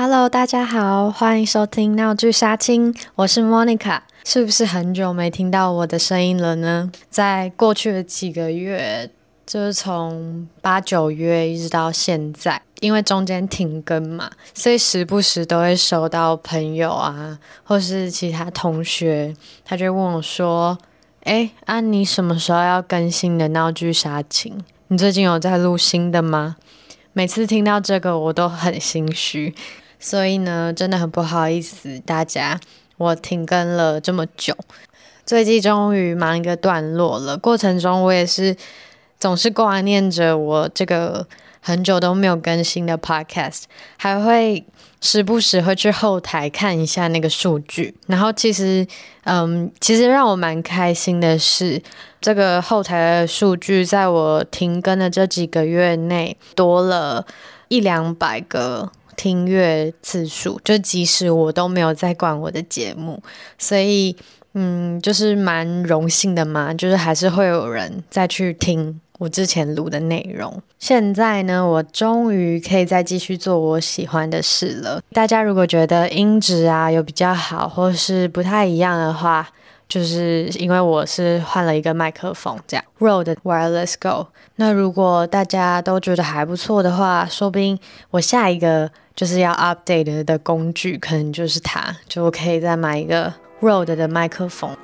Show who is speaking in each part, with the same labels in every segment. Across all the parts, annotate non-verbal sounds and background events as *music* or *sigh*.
Speaker 1: Hello，大家好，歡迎收聽《鬧劇殺青》，我是 Monica。是不是很久沒聽到我的聲音了呢？在過去的幾個月，就是從八九月一直到現在，因為中間停更嘛，所以時不時都會收到朋友啊，或是其他同學，他就問我說：“誒，阿你什麼時候要更新的《鬧劇殺青》？你最近有在錄新的嗎？”每次聽到這個，我都很心虛。所以呢，真的很不好意思大家，我停更了這麼久，最近終於忙一個段落了。過程中我也是總是掛念着我這個很久都沒有更新的 Podcast，還會時不時會去後台看一下那個數據。然後其實，嗯，其實讓我蠻開心的是，這個後台的數據在我停更的這幾個月內多了一兩百個聽樂次數，就即使我都沒有在管我的節目，所以，嗯，就是蠻榮幸的嘛，就是還是會有人再去聽我之前錄的內容。現在呢，我終於可以再繼續做我喜歡的事了。大家如果覺得音質啊有比較好，或是不太一樣的話，就是因為我是換了一個麥克風，這樣。Rode Wireless Go。那如果大家都覺得還不錯的話，說不定我下一個。就是要 update 的工具，可能就是它，就我可以再買一個 Rode 的麥克風。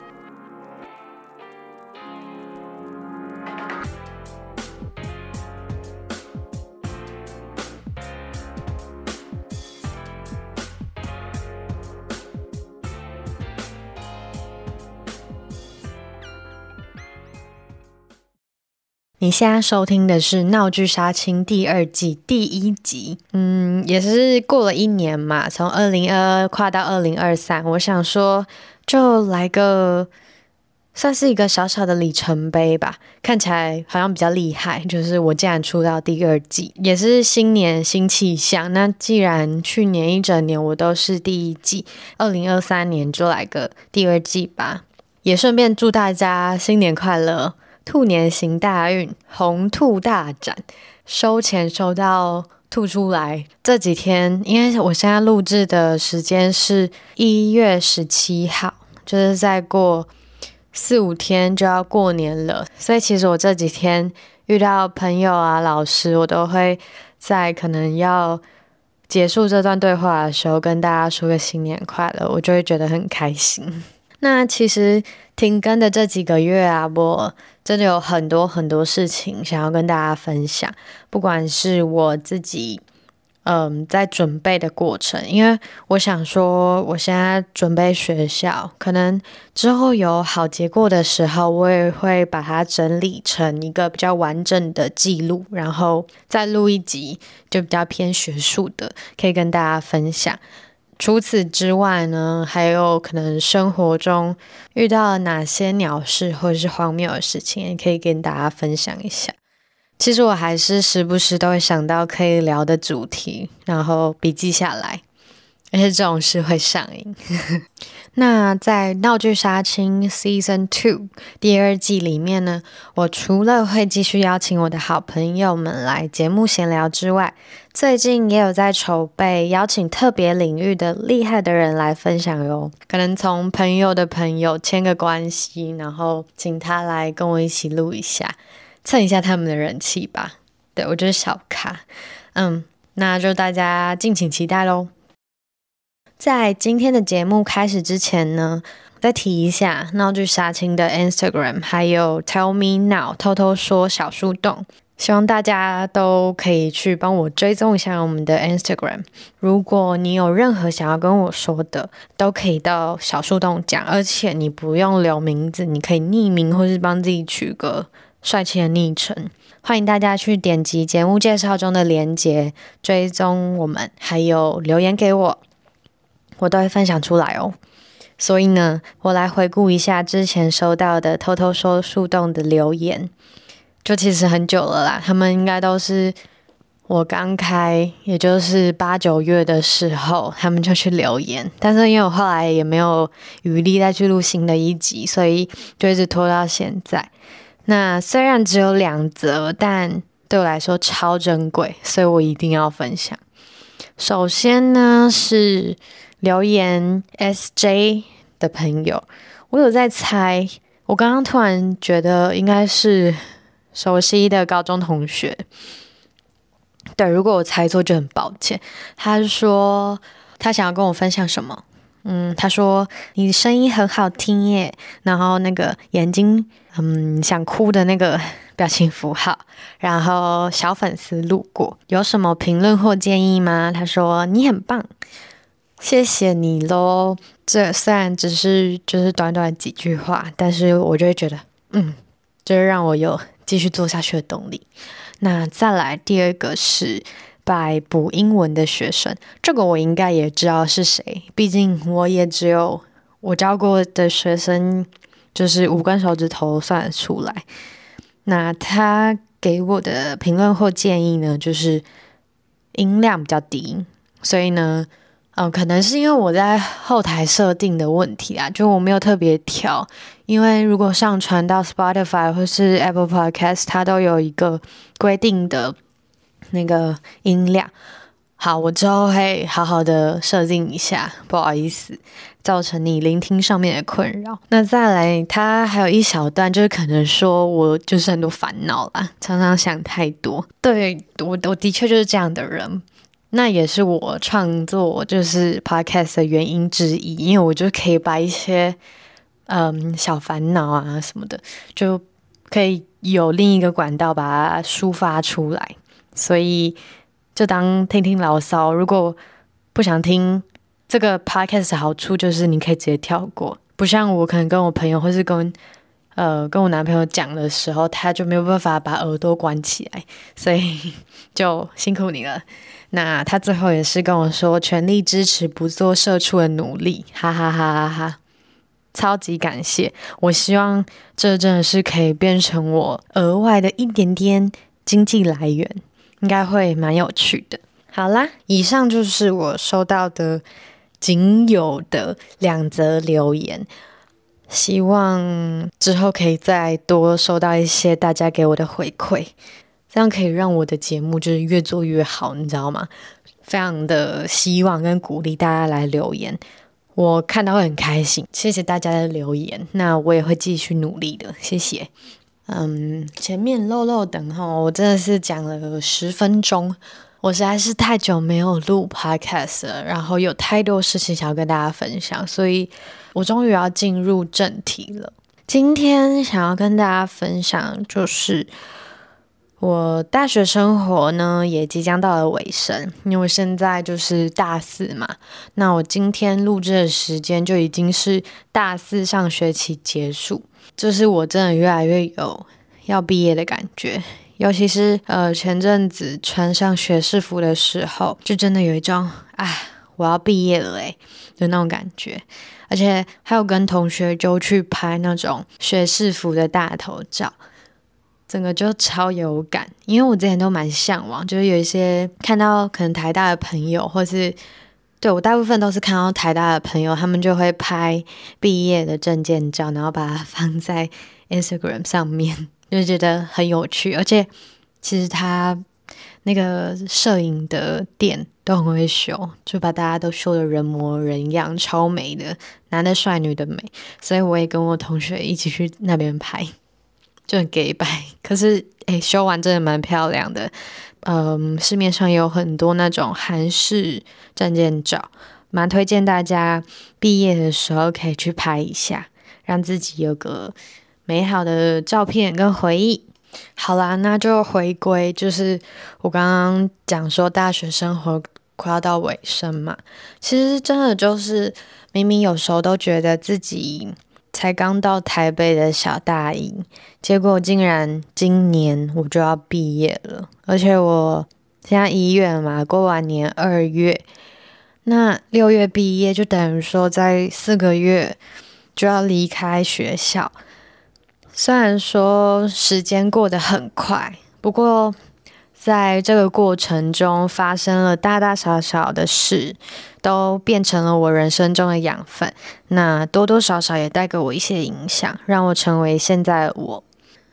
Speaker 1: 你現在收聽的是《鬧劇殺青》第二季第一集，嗯，也是過了一年嘛，從二零二二跨到二零二三，我想說就來個，算是一個小小的里程碑吧，看起來好像比較厲害，就是我竟然出到第二季，也是新年新氣象。那既然去年一整年我都是第一季，二零二三年就來個第二季吧，也順便祝大家新年快樂。兔年行大運，鴻兔大展，收錢收到吐出來。這幾天，因為我現在錄製的時間是一月十七號，就是再過四五天就要過年了，所以其實我這幾天遇到朋友啊、老師，我都會在可能要結束這段對話的時候跟大家說個新年快樂，我就會覺得很開心。那其實停更的這幾個月啊，我真的有很多很多事情想要跟大家分享。不管是我自己，嗯，在準備的過程，因為我想說，我現在準備學校，可能之後有好結果的時候，我也會把它整理成一個比較完整的記錄，然後再錄一集，就比較偏學術的，可以跟大家分享。除此之外呢，還有可能生活中遇到了哪些鳥事或者是荒謬的事情，也可以跟大家分享一下。其實我還是時不時都會想到可以聊的主題，然後筆記下來。而且這種事會上癮。 *laughs* 那在《鬧劇殺青》Season Two 第二季裡面呢，我除了會繼續邀請我的好朋友們來節目閒聊之外，最近也有在籌備邀請特別領域的厲害的人來分享喲。可能從朋友的朋友牽個關係，然後請他來跟我一起錄一下，蹭一下他們的人氣吧。對，我就是小卡，嗯，那就大家敬請期待嘍。在今天的節目開始之前呢，我再提一下鬧劇殺青的 Instagram，還有 Tell Me 鬧，偷偷說小樹洞，希望大家都可以去幫我追蹤一下我們的 Instagram。如果你有任何想要跟我說的，都可以到小樹洞講，而且你不用留名字，你可以匿名或是幫自己取個帥氣的昵稱。歡迎大家去點擊節目介紹中的鏈接追蹤我們，還有留言給我。我都會分享出來哦，所以呢，我來回顧一下之前收到的偷偷說樹洞的留言，就其實很久了啦。他們應該都是我剛開，也就是八九月的時候，他們就去留言。但是因為我後來也沒有餘力再去錄新的一集，所以就一直拖到現在。那雖然只有兩則，但對我來說超珍貴，所以我一定要分享。首先呢，是。留言 SJ 的朋友，我有在猜，我剛剛突然覺得應該是熟悉的高中同學。對，如果我猜錯就很抱歉。他說他想要跟我分享什麼？嗯，他說，你聲音很好聽耶，然後那個眼睛嗯，想哭的那個表情符號，然後小粉絲路過。有什麼評論或建議嗎？他說你很棒。謝謝你嘍！這雖然只是就是短短幾句話，但是我就會覺得，嗯，這、就是、讓我有繼續做下去的動力。那再來第二個是拜補英文的學生，這個我應該也知道是誰，畢竟我也只有我教過的學生，就是五根手指頭算得出來。那他給我的評論或建議呢，就是音量比較低，所以呢。嗯、哦，可能是因為我在後台設定的問題啊，就我沒有特別調，因為如果上傳到 Spotify 或是 Apple Podcast，它都有一個規定的那個音量。好，我之後會好好的設定一下，不好意思造成你聆聽上面的困擾。那再來，它還有一小段，就是可能說我就是很多煩惱啦，常常想太多。對，我，我的確就是這樣的人。那也是我創作就是 podcast 的原因之一，因為我就可以把一些嗯小煩惱啊什麼的，就可以有另一個管道把它抒發出來，所以就當聽聽牢騷。如果不想聽這個 podcast 的好處就是你可以直接跳過，不像我可能跟我朋友或是跟呃跟我男朋友講的時候，他就沒有辦法把耳朵關起來，所以就辛苦你了。那他最後也是跟我說，全力支持不做社畜的努力，哈哈哈哈哈，超級感謝！我希望這真的是可以變成我額外的一點點經濟來源，應該會蠻有趣的。好啦，以上就是我收到的僅有的兩則留言，希望之後可以再多收到一些大家給我的回饋。這樣可以讓我的節目就是越做越好，你知道嗎？非常的希望跟鼓勵大家來留言，我看到會很開心。謝謝大家的留言，那我也會繼續努力的。謝謝。嗯，前面漏漏等候，我真的是講了十分鐘，我實在是太久沒有錄 Podcast 了，然後有太多事情想要跟大家分享，所以我終於要進入正題了。今天想要跟大家分享就是，我大學生活呢也即將到了尾聲，因為現在就是大四嘛。那我今天錄製的時間就已經是大四上學期結束，就是我真的越來越有要畢業的感覺。尤其是呃前陣子穿上學士服的時候，就真的有一種啊我要畢業了哎、欸、的那種感覺。而且還有跟同學就去拍那種學士服的大頭照。整個就超有感，因為我之前都蠻向往，就是有一些看到可能台大的朋友，或是對我大部分都是看到台大的朋友，他們就會拍畢業的證件照，然後把它放在 Instagram 上面，就覺得很有趣。而且其實他那個攝影的店都很會修，就把大家都修得人模人樣，超美的，男的帥，女的美。所以我也跟我同學一起去那邊拍。就很給白，可是誒、欸，修完真的蠻漂亮的。嗯，市面上也有很多那種韓式證件照，蠻推薦大家畢業的時候可以去拍一下，讓自己有個美好的照片跟回憶。好啦，那就回歸，就是我剛剛講說大學生活快要到尾聲嘛，其實真的就是明明有時候都覺得自己。才剛到台北的小大一，結果竟然今年我就要畢業了，而且我現在一月嘛，過完年二月，那六月畢業就等於說再四個月就要離開學校。雖然說時間過得很快，不過在這個過程中發生了大大小小的事。都變成了我人生中的養分，那多多少少也帶給我一些影響，讓我成為現在的我。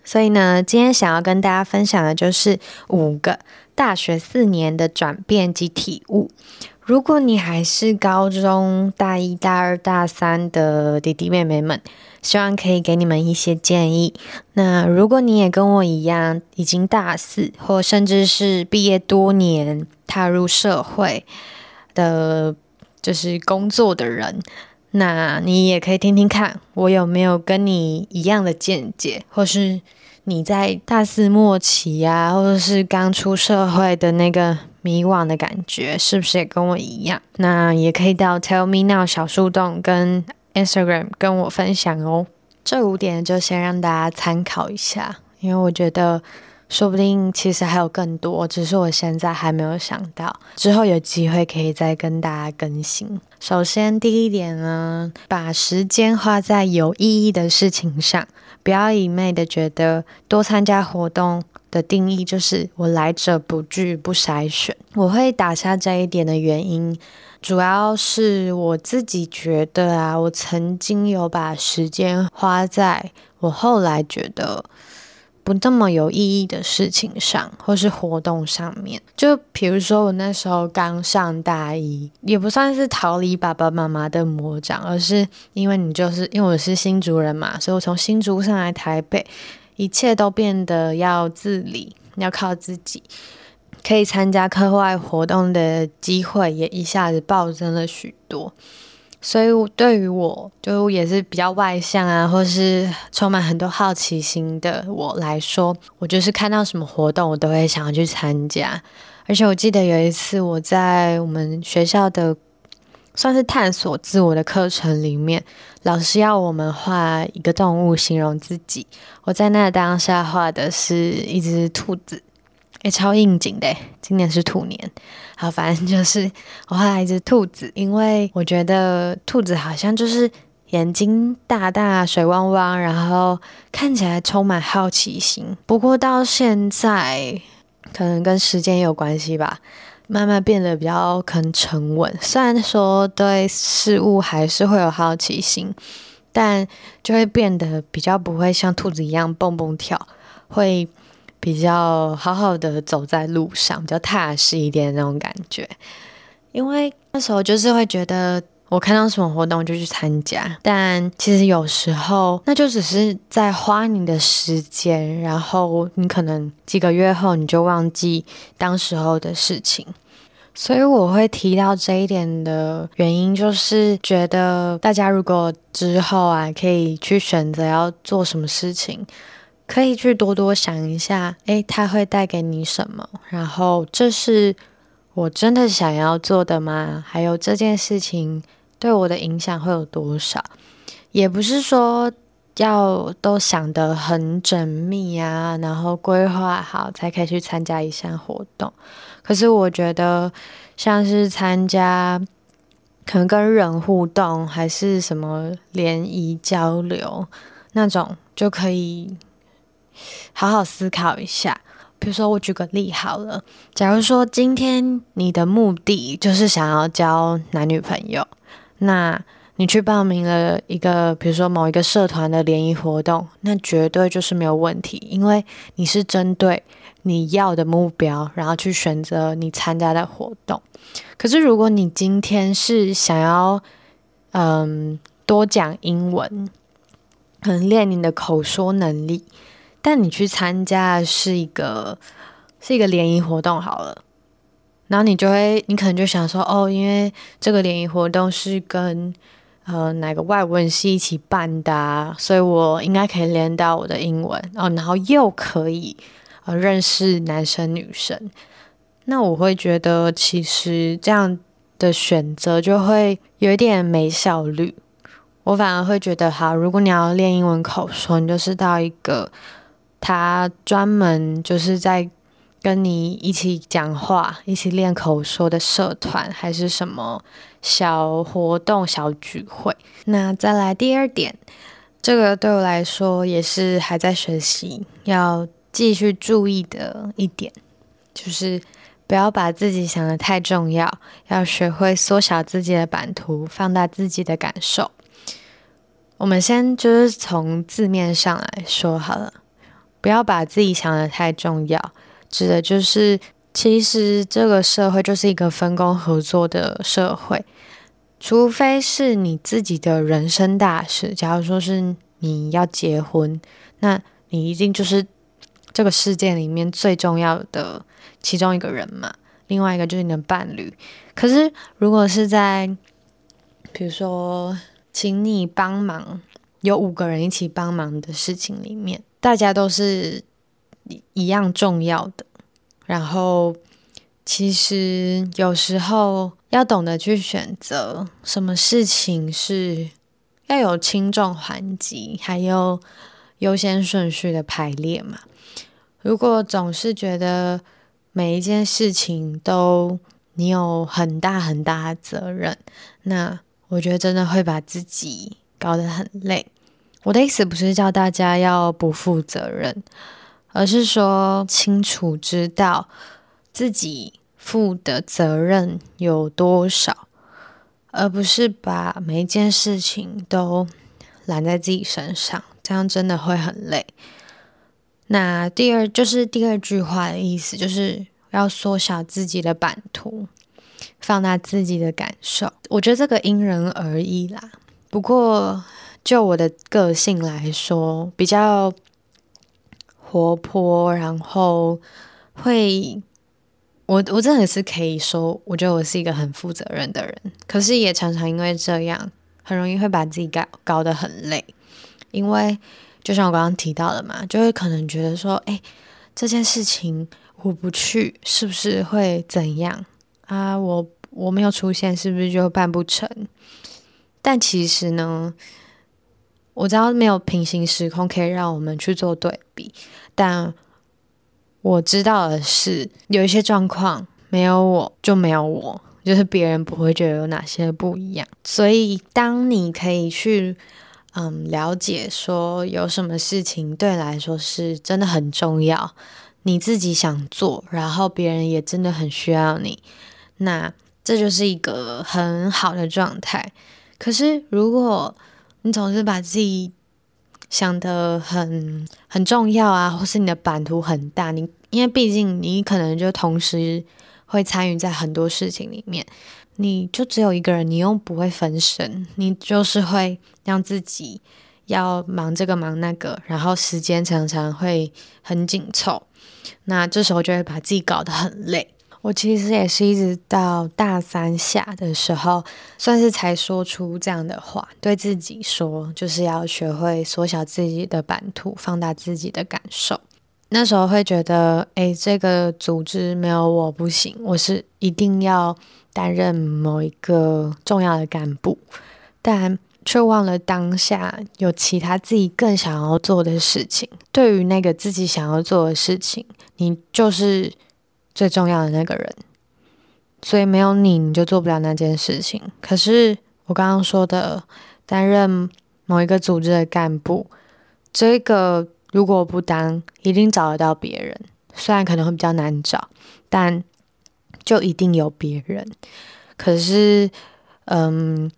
Speaker 1: 所以呢，今天想要跟大家分享的就是五個大學四年的轉變及體悟。如果你還是高中、大一、大二、大三的弟弟妹妹們，希望可以給你們一些建議。那如果你也跟我一樣，已經大四或甚至是畢業多年，踏入社會，的就是工作的人，那你也可以聽聽看，我有沒有跟你一樣的見解，或是你在大四末期呀、啊，或者是剛出社會的那個迷惘的感覺，是不是也跟我一樣？那也可以到 Tell Me 鬧小樹洞跟 Instagram 跟我分享哦。這五點就先讓大家參考一下，因為我覺得。說不定其實還有更多，只是我現在還沒有想到。之後有機會可以再跟大家更新。首先，第一點呢，把時間花在有意義的事情上，不要一味的覺得多參加活動的定義就是我來者不拒不篩選。我會打下這一點的原因，主要是我自己覺得啊，我曾經有把時間花在，我後來覺得。不那麼有意義的事情上，或是活動上面，就比如說我那時候剛上大一，也不算是逃離爸爸媽媽的魔掌，而是因為你就是因為我是新竹人嘛，所以我從新竹上來台北，一切都變得要自理，要靠自己，可以參加課外活動的機會也一下子暴增了許多。所以，對於我就也是比較外向啊，或是充滿很多好奇心的我來說，我就是看到什麼活動，我都會想要去參加。而且，我記得有一次我在我們學校的算是探索自我的課程裡面，老師要我們畫一個動物形容自己，我在那當下畫的是一隻兔子。誒、欸、超應景的！今年是兔年，好，反正就是我畫了一只兔子，因為我覺得兔子好像就是眼睛大大、水汪汪，然後看起來充滿好奇心。不過到現在，可能跟時間有關係吧，慢慢變得比較肯沉穩。雖然說對事物還是會有好奇心，但就會變得比較不會像兔子一樣蹦蹦跳，會。比較好好的走在路上，比較踏實一點的那種感覺。因為那時候就是會覺得，我看到什麼活動就去參加，但其實有時候那就只是在花你的時間，然後你可能幾個月後你就忘記當時候的事情。所以我會提到這一點的原因，就是覺得大家如果之後啊可以去選擇要做什麼事情。可以去多多想一下，誒，他會帶給你什麼？然後，這是我真的想要做的嗎？還有這件事情對我的影響會有多少？也不是說要都想得很縝密啊，然後規劃好才可以去參加一項活動。可是我覺得，像是參加可能跟人互動，還是什麼聯誼交流那種，就可以好好思考一下，比如說我舉個例好了。假如說今天你的目的就是想要交男女朋友，那你去報名了一個，比如說某一個社團的聯誼活動，那絕對就是沒有問題，因為你是針對你要的目標，然後去選擇你參加的活動。可是如果你今天是想要，嗯，多講英文，很，嗯，練你的口說能力。但你去參加是一個是一個聯誼活動好了，然後你就會，你可能就想說，哦，因為這個聯誼活動是跟呃哪個外文系一起辦的、啊，所以我應該可以連到我的英文哦，然後又可以呃認識男生女生。那我會覺得，其實這樣的選擇就會有一點沒效率。我反而會覺得，好，如果你要練英文口說，你就是到一個。他專門就是在跟你一起講話、一起練口說的社團，還是什麼小活動、小聚會。那再來第二點，這個對我來說也是還在學習，要繼續注意的一點，就是不要把自己想得太重要，要學會縮小自己的版圖，放大自己的感受。我們先就是從字面上來說好了。不要把自己想得太重要，指的就是，其實這個社會就是一個分工合作的社會。除非是你自己的人生大事，假如說是你要結婚，那你一定就是這個世界裡面最重要的其中一個人嘛。另外一個就是你的伴侶。可是如果是在，比如說請你幫忙，有五個人一起幫忙的事情裡面。大家都是一樣重要的，然後其實有時候要懂得去選擇，什麼事情是要有輕重緩急，還有優先順序的排列嘛。如果總是覺得每一件事情都你有很大很大的責任，那我覺得真的會把自己搞得很累。我的意思不是叫大家要不負責任，而是說清楚知道自己負的責任有多少，而不是把每一件事情都攬在自己身上，這樣真的會很累。那第二就是第二句話的意思，就是要縮小自己的版圖，放大自己的感受。我覺得這個因人而異啦，不過。就我的個性來說，比較活潑，然後會，我我真的是可以說，我覺得我是一個很負責任的人，可是也常常因為這樣，很容易會把自己搞搞得很累，因為就像我剛剛提到的嘛，就會可能覺得說，欸，這件事情我不去，是不是會怎樣啊？我我沒有出現，是不是就辦不成？但其實呢。我知道沒有平行時空可以讓我們去做對比，但我知道的是，有一些狀況沒有我就沒有我，就是別人不會覺得有哪些不一樣。所以，當你可以去嗯了解說有什麼事情對你來說是真的很重要，你自己想做，然後別人也真的很需要你，那這就是一個很好的狀態。可是如果。你總是把自己想的很很重要啊，或是你的版圖很大。你因為畢竟你可能就同時會參與在很多事情裡面，你就只有一個人，你又不會分神，你就是會讓自己要忙這個忙那個，然後時間常常會很緊湊。那這時候就會把自己搞得很累。我其實也是一直到大三下的時候，算是才說出這樣的話，對自己說，就是要學會縮小自己的版圖，放大自己的感受。那時候會覺得，哎，這個組織沒有我不行，我是一定要擔任某一個重要的幹部，但卻忘了當下有其他自己更想要做的事情。對於那個自己想要做的事情，你就是。最重要的那個人，所以沒有你，你就做不了那件事情。可是我剛剛說的，擔任某一個組織的幹部，這個如果不當，一定找得到別人。雖然可能會比較難找，但就一定有別人。可是，嗯，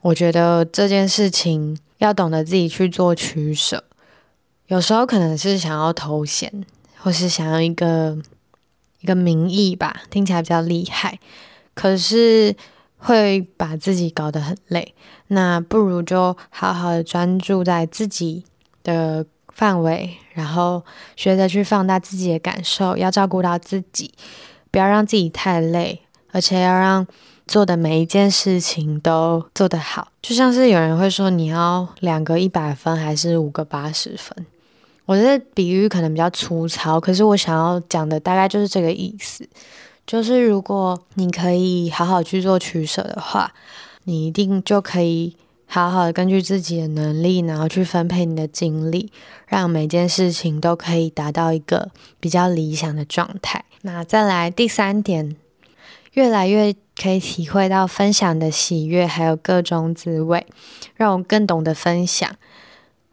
Speaker 1: 我覺得這件事情要懂得自己去做取捨。有時候可能是想要頭銜，或是想要一個，一個名義吧，聽起來比較厲害，可是會把自己搞得很累。那不如就好好的專注在自己的範圍，然後學着去放大自己的感受，要照顧到自己，不要讓自己太累，而且要讓做的每一件事情都做得好。就像是有人會說，你要兩個一百分，還是五個八十分？我的比喻可能比較粗糙，可是我想要講的大概就是這個意思。就是如果你可以好好去做取捨的話，你一定就可以好好的根據自己的能力，然後去分配你的精力，讓每件事情都可以達到一個比較理想的狀態。那再來第三點，越來越可以體會到分享的喜悅，還有各種滋味，讓我更懂得分享。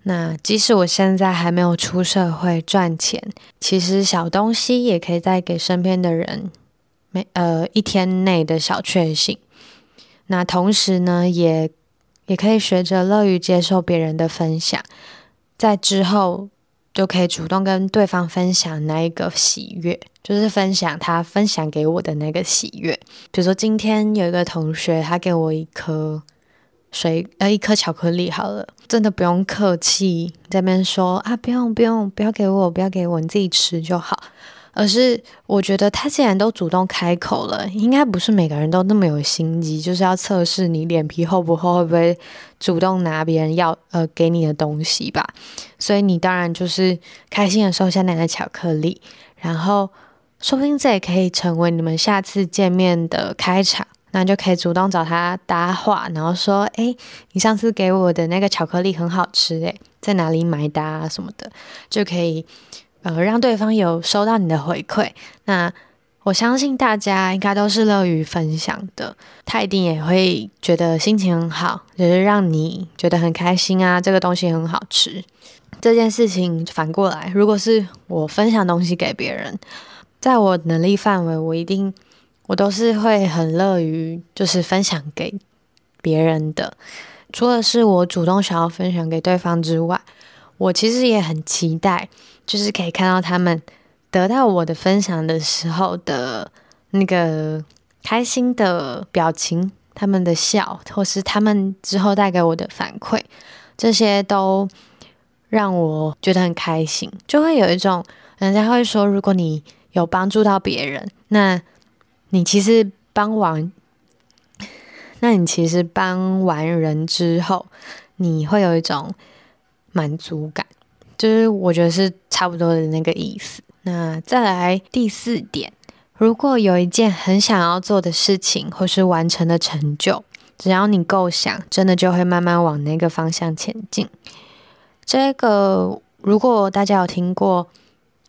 Speaker 1: 那即使我現在還沒有出社會賺錢，其實小東西也可以帶給身邊的人，每呃一天內的小確幸。那同時呢，也也可以學着樂於接受別人的分享，在之後就可以主動跟對方分享那一個喜悅，就是分享他分享給我的那個喜悅。比如說今天有一個同學，他給我一顆。誰呃一顆巧克力好了，真的不用客氣，在那邊說啊，不用不用，不要給我，不要給我，你自己吃就好。而是我覺得他既然都主動開口了，應該不是每個人都那麼有心機，就是要測試你臉皮厚不厚，會不會主動拿別人要呃給你的東西吧。所以你當然就是開心的收下奶奶巧克力，然後說不定這也可以成為你們下次見面的開場。那就可以主動找他搭話，然後說：“欸，你上次給我的那個巧克力很好吃欸，在哪裡買的啊什麼的，就可以呃讓對方有收到你的回饋。那我相信大家應該都是樂於分享的，他一定也會覺得心情很好，就是讓你覺得很開心啊。這個東西很好吃，這件事情反過來，如果是我分享東西給別人，在我能力範圍，我一定。”我都是會很樂於就是分享給別人的，除了是我主動想要分享給對方之外，我其實也很期待，就是可以看到他們得到我的分享的時候的那個開心的表情，他們的笑，或是他們之後帶給我的反饋，這些都讓我覺得很開心，就會有一種人家會說，如果你有幫助到別人，那你其實幫完，那你其實幫完人之後，你會有一種滿足感，就是我覺得是差不多的那個意思。那再來第四點，如果有一件很想要做的事情或是完成的成就，只要你夠想，真的就會慢慢往那個方向前進。這個如果大家有聽過《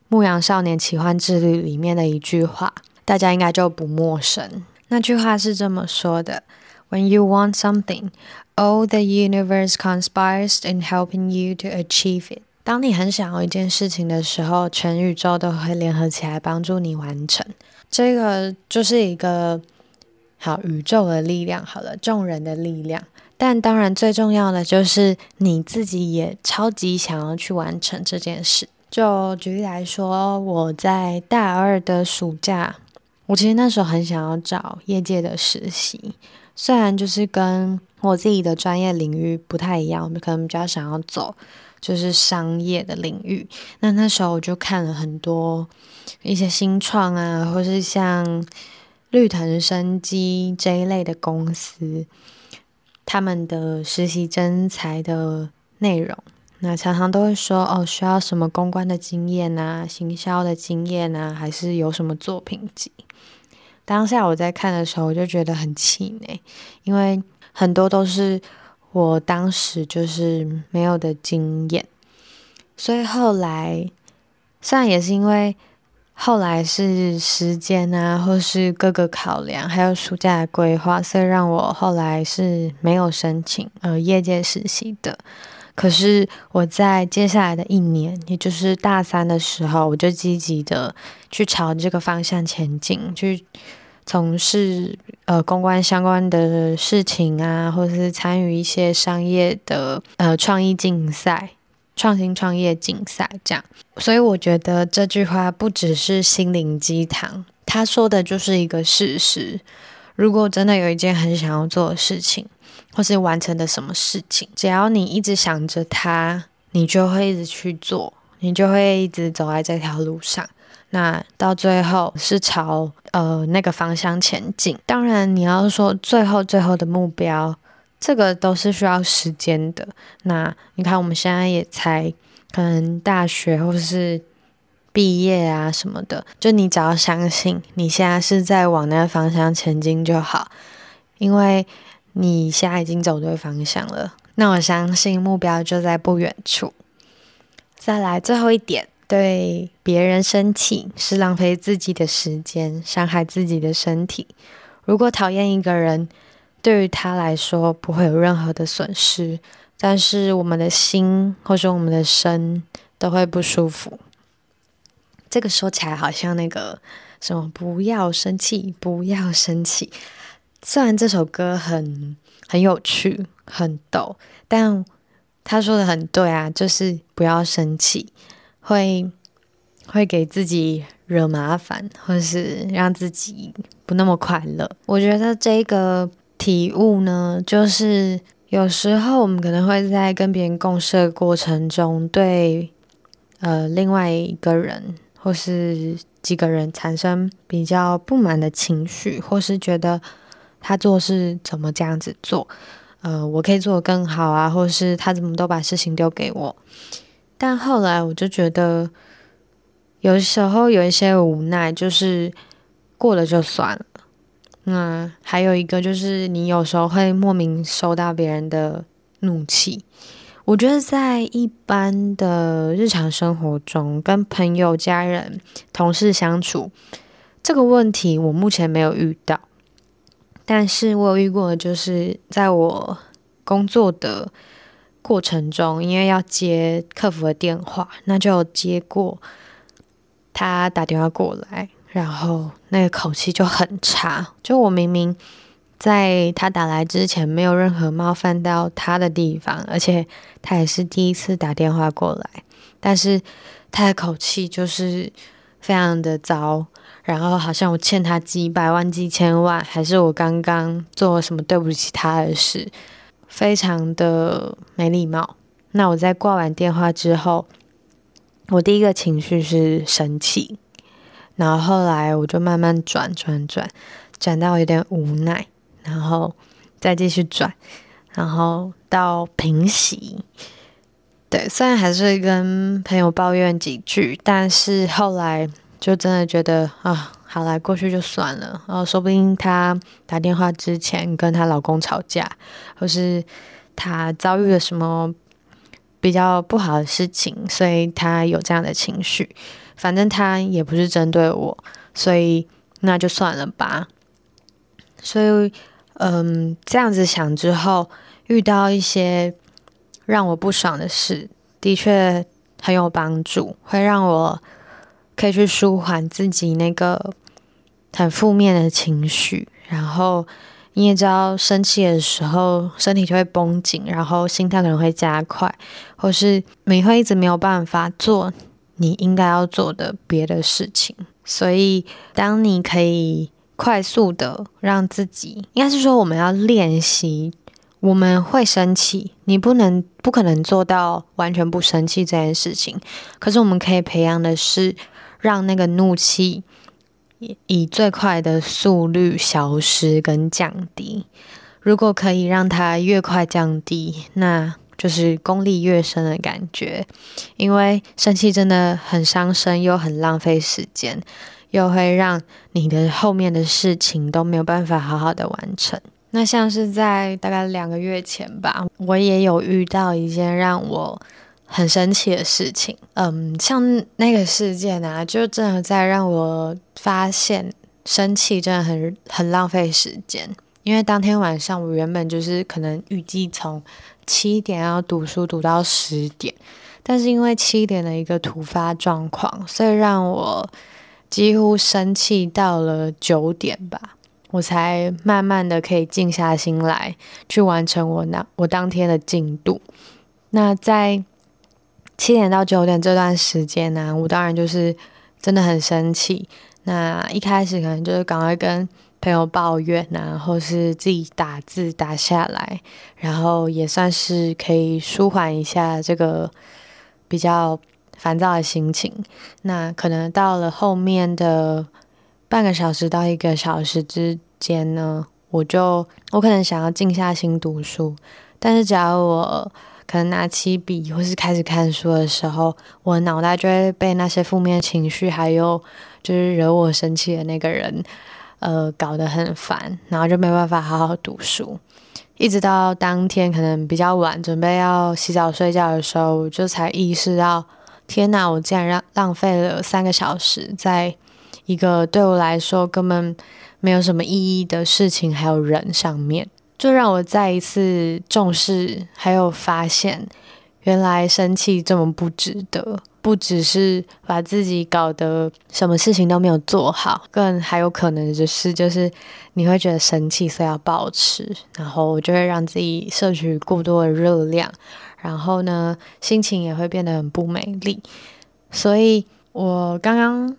Speaker 1: 牧羊少年奇幻之旅》裡面的一句話。大家應該就不陌生。那句話是這麼說的：“When you want something, all the universe conspires in helping you to achieve it。”當你很想要一件事情的時候，全宇宙都會聯合起來幫助你完成。這個就是一個好宇宙的力量，好了，眾人的力量。但當然，最重要的就是你自己也超級想要去完成這件事。就舉例來說，我在大二的暑假。我其實那時候很想要找業界的實習，雖然就是跟我自己的專業領域不太一樣，我們可能比較想要走就是商業的領域。那那時候我就看了很多一些新創啊，或是像綠藤生機這一類的公司，他們的實習徵才的內容。那常常都會說哦，需要什麼公關的經驗吶，行銷的經驗吶，還是有什麼作品集？當下我在看的時候，我就覺得很氣餒，因為很多都是我當時就是沒有的經驗，所以後來雖然也是因為後來是時間啊，或是各個考量，還有暑假的規劃，所以讓我後來是沒有申請呃業界實習的。可是我在接下來的一年，也就是大三的時候，我就積極的去朝這個方向前進，去從事呃公關相關的事情啊，或是參與一些商業的呃創意競賽、創新創業競賽這樣。所以我覺得這句話不只是心靈雞湯，他說的就是一個事實。如果真的有一件很想要做的事情，或是完成的什麼事情，只要你一直想着它，你就會一直去做，你就會一直走在這條路上。那到最後是朝呃那個方向前進。當然，你要說最後最後的目標，這個都是需要時間的。那你看我們現在也才可能大學或是畢業啊什麼的，就你只要相信你現在是在往那個方向前進就好，因為。你現在已經走對方向了，那我相信目標就在不遠處。再來最後一點，對別人生氣是浪費自己的時間，傷害自己的身體。如果討厭一個人，對於他來說不會有任何的損失，但是我們的心或者我們的身都會不舒服。這個說起來好像那個什麼，不要生氣，不要生氣。雖然這首歌很很有趣、很逗，但他說的很對啊，就是不要生氣，會會給自己惹麻煩，或是讓自己不那麼快樂。我覺得這個體悟呢，就是有時候我們可能會在跟別人共事的過程中對，對呃另外一個人或是幾個人產生比較不滿的情緒，或是覺得。他做事怎麼這樣子做？呃，我可以做得更好啊，或是他怎麼都把事情丟給我？但後來我就覺得，有時候有一些無奈，就是過了就算了。嗯，還有一個就是，你有時候會莫名收到別人的怒氣。我覺得在一般的日常生活中，跟朋友、家人、同事相處，這個問題，我目前沒有遇到。但是我有遇過，就是在我工作的過程中，因為要接客服的電話，那就接過他打電話過來，然後那個口氣就很差。就我明明在他打來之前沒有任何冒犯到他的地方，而且他也是第一次打電話過來，但是他的口氣就是。非常的糟，然後好像我欠他幾百萬、幾千萬，還是我剛剛做了什麼對不起他的事，非常的沒禮貌。那我在掛完電話之後，我第一個情緒是生氣，然後後來我就慢慢轉轉轉，轉到有點無奈，然後再繼續轉，然後到平息。對，雖然還是跟朋友抱怨幾句，但是後來就真的覺得啊，好啦，過去就算了。哦、啊，說不定她打電話之前跟她老公吵架，或是她遭遇了什麼比較不好的事情，所以她有這樣的情緒。反正她也不是針對我，所以那就算了吧。所以，嗯，這樣子想之後，遇到一些，讓我不爽的事，的確很有幫助，會讓我可以去舒緩自己那個很負面的情緒。然後你也知道，生氣的時候身體就會繃緊，然後心跳可能會加快，或是你會一直沒有辦法做你應該要做的別的事情。所以當你可以快速的讓自己，應該是說我們要練習。我們會生氣，你不能不可能做到完全不生氣這件事情。可是我們可以培養的是，讓那個怒氣以最快的速率消失跟降低。如果可以讓它越快降低，那就是功力越深的感覺。因為生氣真的很傷身，又很浪費時間，又會讓你的後面的事情都沒有辦法好好的完成。那像是在大概兩個月前吧，我也有遇到一件讓我很生氣的事情。嗯，像那個事件啊，就真的在讓我發現，生氣真的很很浪費時間。因為當天晚上我原本就是可能預計從七點要讀書讀到十點，但是因為七點的一個突發狀況，所以讓我幾乎生氣到了九點吧。我才慢慢的可以靜下心來，去完成我那我當天的進度。那在七點到九點這段時間呢，啊，我當然就是真的很生氣。那一開始可能就是趕快跟朋友抱怨然、啊、後是自己打字打下來，然後也算是可以舒緩一下這個比較煩躁的心情。那可能到了後面的。半個小時到一個小時之間呢，我就我可能想要靜下心讀書，但是只要我可能拿起筆或是開始看書的時候，我腦袋就會被那些負面情緒還有就是惹我生氣的那個人，呃，搞得很煩，然後就沒辦法好好讀書，一直到當天可能比較晚，準備要洗澡睡覺的時候，我就才意識到，天吶，我竟然讓浪費了三個小時在。一個對我來說根本沒有什麼意義的事情，還有人上面，就讓我再一次重視，還有發現原來生氣這麼不值得，不只是把自己搞得什麼事情都沒有做好，更還有可能就是就是你會覺得生氣，所以要暴食，然後就會讓自己攝取過多的熱量，然後呢，心情也會變得很不美麗，所以我剛剛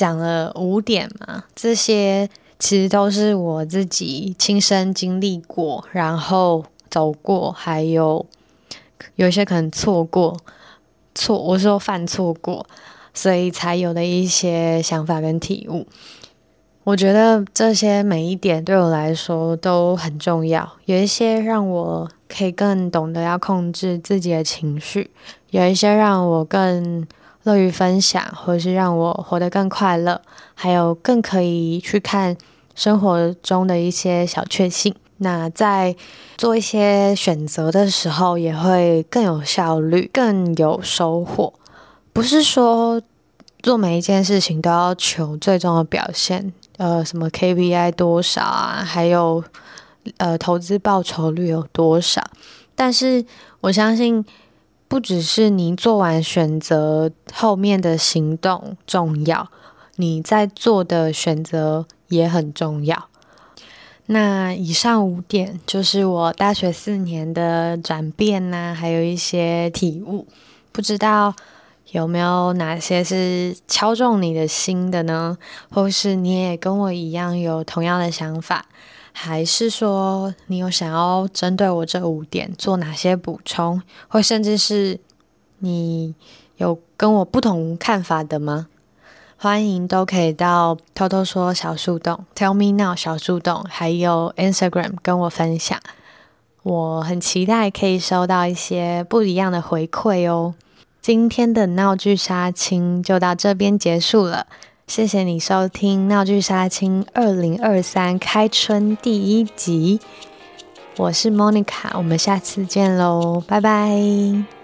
Speaker 1: 講了五點嘛，這些其實都是我自己親身經歷過，然後走過，還有有一些可能錯過錯，我說犯錯過，所以才有的一些想法跟體悟。我覺得這些每一點對我來說都很重要，有一些讓我可以更懂得要控制自己的情緒，有一些讓我更。樂於分享，或是讓我活得更快樂，還有更可以去看生活中的一些小確幸。那在做一些選擇的時候，也會更有效率、更有收穫。不是說做每一件事情都要求最終的表現，呃，什麼 KPI 多少啊，還有呃投資報酬率有多少。但是我相信。不只是你做完選擇後面的行動重要，你在做的選擇也很重要。那以上五點就是我大學四年的轉變呢、啊，還有一些體悟。不知道有沒有哪些是敲中你的心的呢？或是你也跟我一樣有同樣的想法？還是說你有想要針對我這五點做哪些補充，或甚至是你有跟我不同看法的嗎？歡迎都可以到偷偷說小樹洞，Tell Me 鬧小樹洞，還有 Instagram 跟我分享，我很期待可以收到一些不一樣的回饋哦。今天的鬧劇殺青就到這邊結束了。謝謝你收聽《鬧劇殺青》二零二三開春第一集，我是 Monica，我們下次見嘍，拜拜。